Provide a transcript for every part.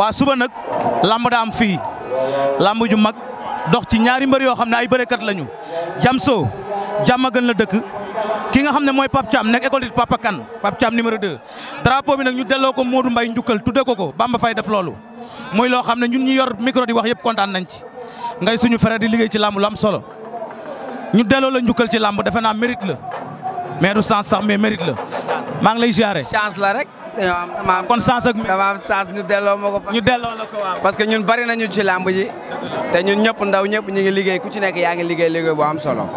waa suba nag làmb daa am fii lamb ju mag dox ci ñaari mbër yoo xam ne ay bërekat lañu Jamso Jamagan la dëkk ki nga xam ne mooy Pape Thiam nekk école de Papa Kane Pape Thiam numéro bi nag ñu delloo ko Modou mbay njukkal tudde ko ko Bamba fay def loolu muy loo xam ne ñun ñu yor micro di wax yëpp kontaan nañ ci ngay suñu frère di liggéey ci lamb lu am solo ñu delloo la njukkal ci làmb defe naa mérite la mais du sens sax mais mérite la maa ngi lay ziare. chance la rek. dañoo am kon chance ak dama ñu delloo ma ko ñu delloo la ko parce que ñun bari nañu ci làmb ji te ñun ñëpp ndaw ñëpp ñu ngi liggéey ku ci nekk yaa ngi liggéey liggéey bu solo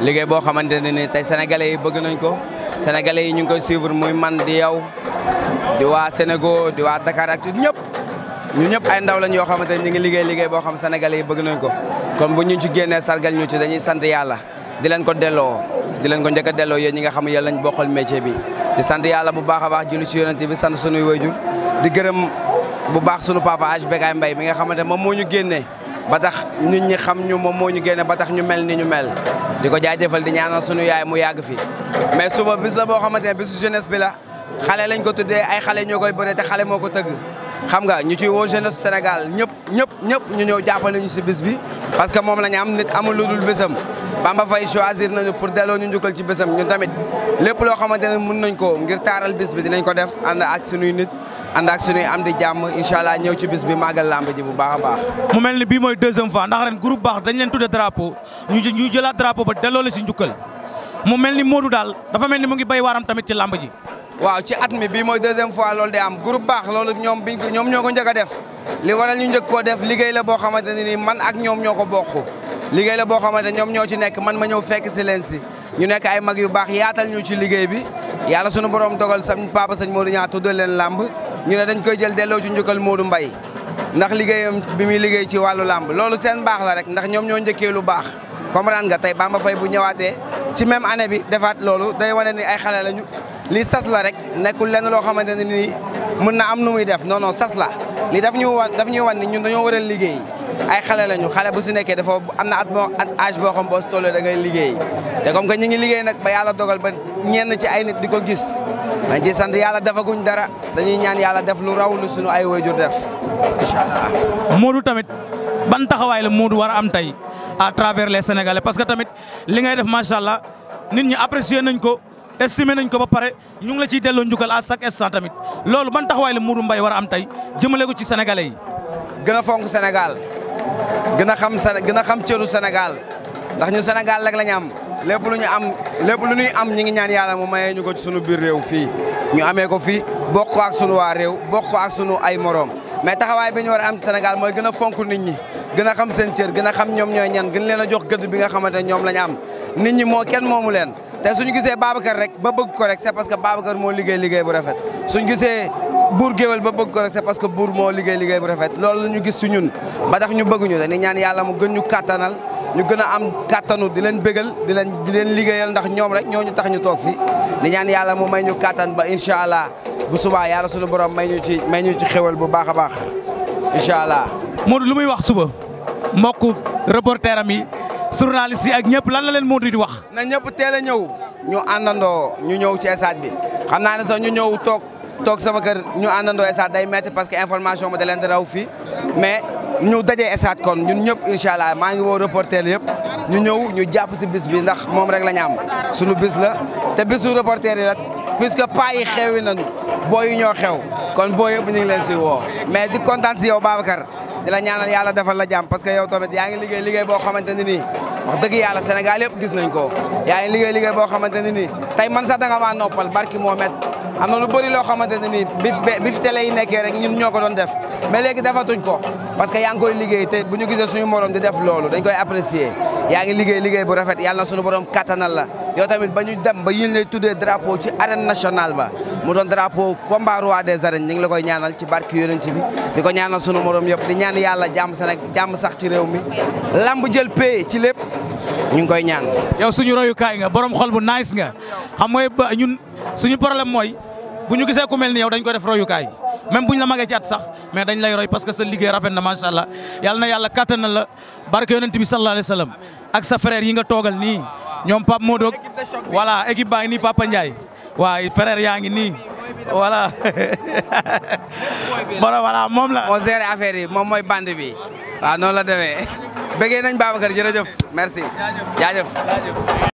liggéey boo xamante ne ni tey sénégalais yi bëgg nañ ko sénégalais yi ñu ngi koy suivre muy man di yow di waa Sénégal di waa Dakar ak ñëpp ñu ñëpp ay ndaw lañ yoo xamante ne ñu ngi liggéey liggéey boo xam sénégalais yi bëgg nañ ko kon bu ñu ci génnee sargal ñu ci dañuy sant yàlla di leen ko delloo di leen ko njëkk a delloo yéen ñi nga xam ne yéen lañ bokkal métier bi di sant yàlla bu baax a baax julli ci yonent bi sant sunuy wayjur di gërëm bu baax sunu papa age Bécaye Mbaye mi nga xamante moom moo ñu génnee ba tax nit ñi xam ñu moom moo ñu génne ba tax ñu mel ni ñu mel di ko jaajëfal di ñaanal sunu yaay mu yàgg fi mais suba bis la boo xamante ne bisu jeunesse bi la xale lañ ko tuddee ay xale ñoo koy bëre te xale moo ko tëgg xam nga ñu ci woo jeunesse Sénégal ñëpp ñëpp ñëpp ñu ñëw jàppale ñu si bi parce que moom la ñu am nit amul lu dul bésam Bamba Faye choisir nañu pour delloo ñu njukkal ci bésam ñun tamit lépp loo xamante ne mun nañ ko ngir taaral bis bi dinañ ko def and ak suñuy nit ànd ak suñuy am di jàmm incha allah ñëw ci bis bi màggal làmb ji bu baax baax. mu mel ni bii mooy deuxième fois ndax ren groupe baax dañ leen tudde drapeau ñu ñu jëlaat drapeau ba delloo si njukkal mu mel ni Modou daal dafa mel ni mu ngi bay waaram tamit ci làmb ji. waaw ci at mi bii mooy deuxième fois loolu day am groupe baax loolu ñoom biñ ko ñoom ñoo ko njëkk a def li waral ñu njëkk def liggéey la boo xamante ne nii man ak ñoom ñoo ko bokk liggéey la boo xamante ñoom ñoo ci nekk man ma ñëw fekk si leen si ñu nekk ay mag yu baax yaatal ñu ci liggéey bi yàlla sunu borom dogal sa papa sañ Modou ñaa tuddal leen làmb ñu ne dañ koy jël delloo ci njukkal Modou mbay ndax liggéeyam bi muy liggéey ci wàllu làmb loolu seen baax la rek ndax ñoom ñoo njëkkee lu baax comprendre nga tey Bamba Faye bu ñëwaatee ci même année bi defaat loolu day wane ni ay xale lañu lii sas la rek nekkul lenn loo xamante ne nii mën na am nu muy def non non sas la lii daf ñu wan daf ñuy wan ni ñun dañoo war a liggéey ay xale ñu xale bu su nekkee dafa am na at moo at âge boo xam boo si tollee da ngay liggéey te comme que ñu ngi liggéey nag ba yàlla dogal ba ñenn ci ay nit di ko gis dañ ciy sant yàlla defaguñ dara dañuy ñaan yàlla def lu raw lu suñu ay wayjur def incha allah. tamit ban taxawaay la Modou war a am tey à travers le Sénégalais parce que tamit li ngay def macha nit ñi apprécier nañ ko. estimé nañ ko ba pare ñu ngi la ciy delloo njukkal à chaque instant tamit loolu ban taxawaay la Modou Mbaye war am tey jëmale ko ci sénégalais gën a fonk senegal gën a xam gën a xam cëru senegal ndax ñu Sénégal rek la ñu am lépp lu ñu am lépp lu ñu am ñi ngi ñaan yàlla mu mayee ñu ko ci sunu biir réew ñu amee ko fii bokk ko ak sunu waa réew bokk ko ak sunu ay moroom mais taxawaay bi ñu war a am ci mooy gën a fonk nit ñi gën a xam seen gën a xam ñoom ñooy ñan gën leen a jox gëdd bi nga xamante ne ñoom la am nit ñi moo kenn moomu leen te suñu gisee Babacar rek ba bëgg ko rek c'est parce que Babacar moo liggéey liggéey bu rafet suñu gisee buur géwél ba bëgg ko rek c'est parce que buur moo liggéey liggéey bu rafet loolu la ñu gis su ñun ba tax ñu bëgguñu dañuy ñaan yàlla mu gën ñu kàttanal ñu gën a am kàttanu di leen bégal di leen di leen liggéeyal ndax ñoom rek ñoo ñu tax ñu toog fi di ñaan yàlla mu may ñu kàttan ba incha allah bu subaa yàlla suñu borom may ñu ci may ñu ci xéwal bu baax a baax incha allah. Modou lu muy wax suba journaliste si ak ñëpp lan la leen Modou di wax. na ñëpp teel a ñëw ñu àndandoo ñu ñëw ci stade bi xam naa ne sax ñu ñëw toog toog sama kër ñu àndandoo stade day metti parce que information bi da leen di raw fii mais ñu dajee stade kon ñun ñëpp incha allah maa ngi woo reporter yëpp ñu ñëw ñu jàpp si bis bi ndax moom rek la ñu am suñu bis la te bisu reporter yi la puisque pas yi xewi nañu booy yi ñoo xew. kon boo yëpp ñu leen si woo mais di kontaan si baa Babacar di la ñaanal yàlla defal la jàmm parce que yow tamit yaa ngi liggéey liggéey boo xamante ne nii wax yàlla Sénégal yëpp gis ko yaa ngi liggéey liggéey xamante ne nii tey man sax da nga maa noppal barki Mohamed am na lu bëri loo xamante ne ni bi bi fi télé yi nekkee rek ñun ñoo ko doon def mais léegi defatuñ ko parce que yaa ngi koy liggéey te bu ñu gisee suñu morom di def loolu dañ koy apprécier yaa ngi liggéey liggéey bu rafet yàlla na borom kattanal la yoo tamit ba ñu dem ba yéen lay tuddee drapeau ci arène nationale ba mu doon drapeau combat roi des arènes ñu ngi la koy ñaanal ci barke yonent bi di ko ñaanal sunu morom yëpp di ñaan yàlla jàmm Sénégal jàmm sax ci réew mi lamb jël pay ci lépp ñu ngi koy ñaan. yow suñu royukaay nga borom xol bu nice nga xam mooy ba ñun suñu problème mooy bu ñu gisee ku mel ni yow dañ ko def royukaay même bu ñu la magee ci at sax mais dañ lay roy parce que sa liggéey rafet na macha allah yàlla na yàlla kattan la barke yonent bi sallallahu alayhi wa ak sa frère yi nga toogal nii. ñoom Pape Modou voilà équipe baa ngi nii Papa Ndiaye waaw frère yaa ngi nii voilà. borom voilà moom la. moo géré affaire yi moom mooy band bi waaw noonu la demee bëggee nañ Babacar jërëjëf merci jaajëf.